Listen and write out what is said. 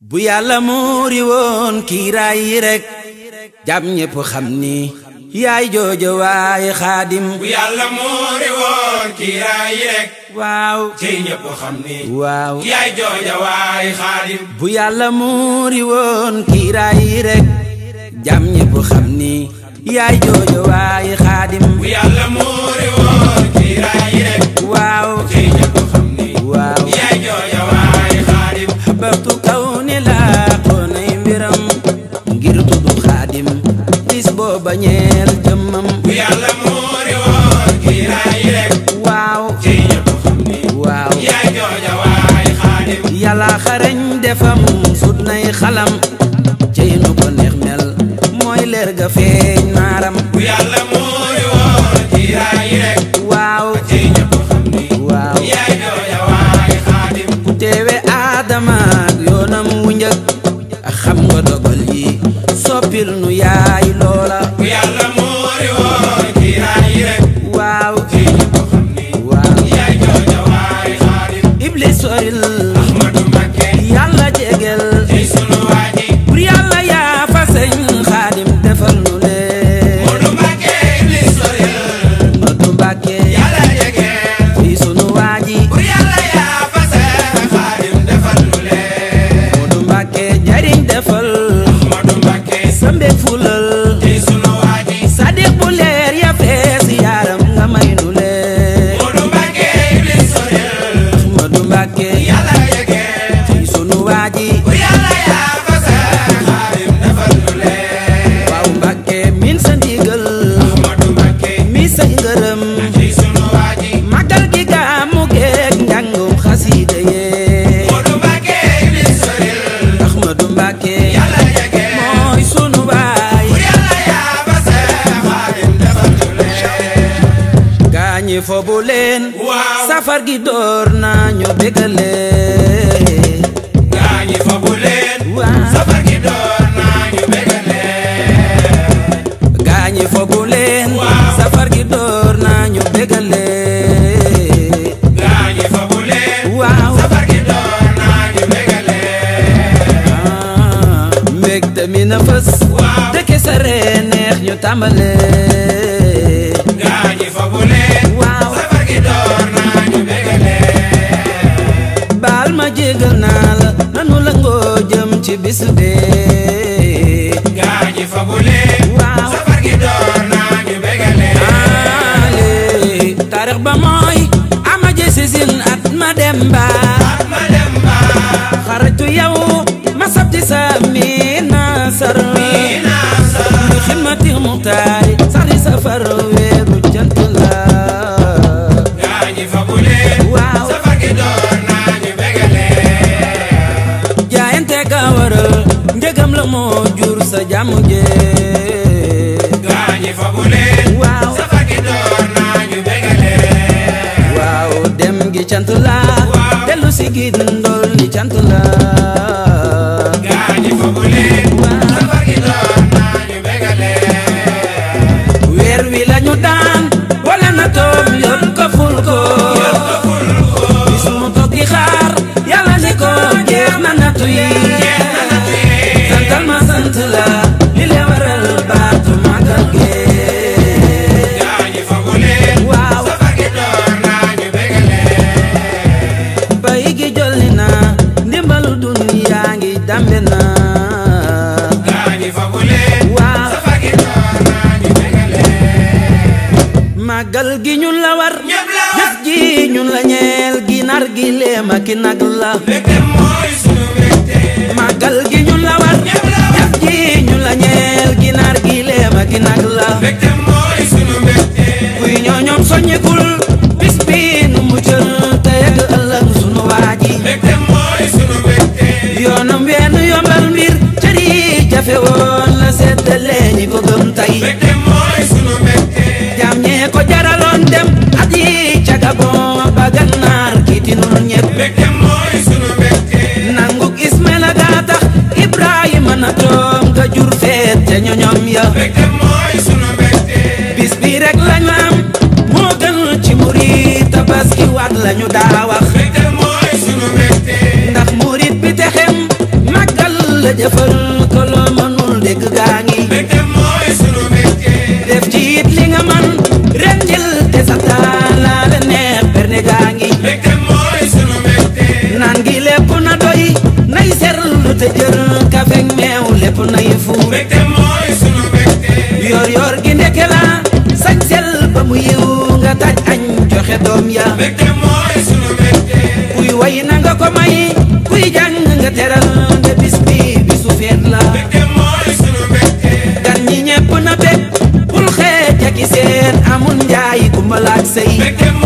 bu yàlla muuri woon kiiraay yi rek jàmm xam ni yaay joojo waaye xaadim yàlla muuri bañeel jëmmam bu yàlla muuri woon kii naa waaw ci ñëpp xam waaw yaay jooja waay xaadim yàlla xareñ defam sut nay xalam ci ko neex mel mooy leer ga feeñ naaram bu yàlla di soril Ahmadu Mbakke yàlla jegel tey sunu waaji pour yàlla yaa fa sëñ xaadim defal nu leen Moodu Mbakke di soril Moodu Mbakke yàlla jegel tey sunu waaji pour yàlla yaa fa sëñ xaadim defal nu leen Moodu Mbakke jariñ defal Ahmadu Mbakke sambe fulal ñi safar gi door na ñu bégal leen gaa ñi fobu leen safar gi door na ñu bégal leen gaa ñi fobu leen safar gi door na ñu bégal leen gaa ñi fobu leen safar bégal a la nanu ngoo jëm ci bisu dee gaa ñi fa bu waaw safar gi door naa ñu bégalee alee taarix ba mooy ama jësisin at ma dem at ma dem ba xaratu yow ngénte ka waral njëgam la jur sa jàmm jee gaañi fa bu waaw safa gi door naa ñu bégalee waaw dem gi cant la dellu gi ndol li cant la gaañi fa bu waaw màggal gi ñun la war jëf gi ñun la ñeel gi nar gi leem ak i la Gabon ba Gànnaar kiitinul ñépp mbégte mooy sunu mbégte jur feet ca ñoñom ya bis bi rek lañu am moo gënul ci murit tabaski waat lañu daa wax ndax murit bi texem màggal la jëfal diine jaa ngi mbégte mooy sunu mbégte naan gi lépp na doy nay serlu te jër kafeeg meew lépp nay fu mbégte mooy sunu mbégte yor yor gi ndeke la sañ sel ba mu yiw nga taj añ joxe doom ya mbégte mooy sunu mbégte kuy way na nga ko may kuy jàng nga teral te bis bi bisu feet la mbégte mooy sunu mbégte gan ñi ñepp na bég bul xeej ak i seen amul njaay kumbalaak sëy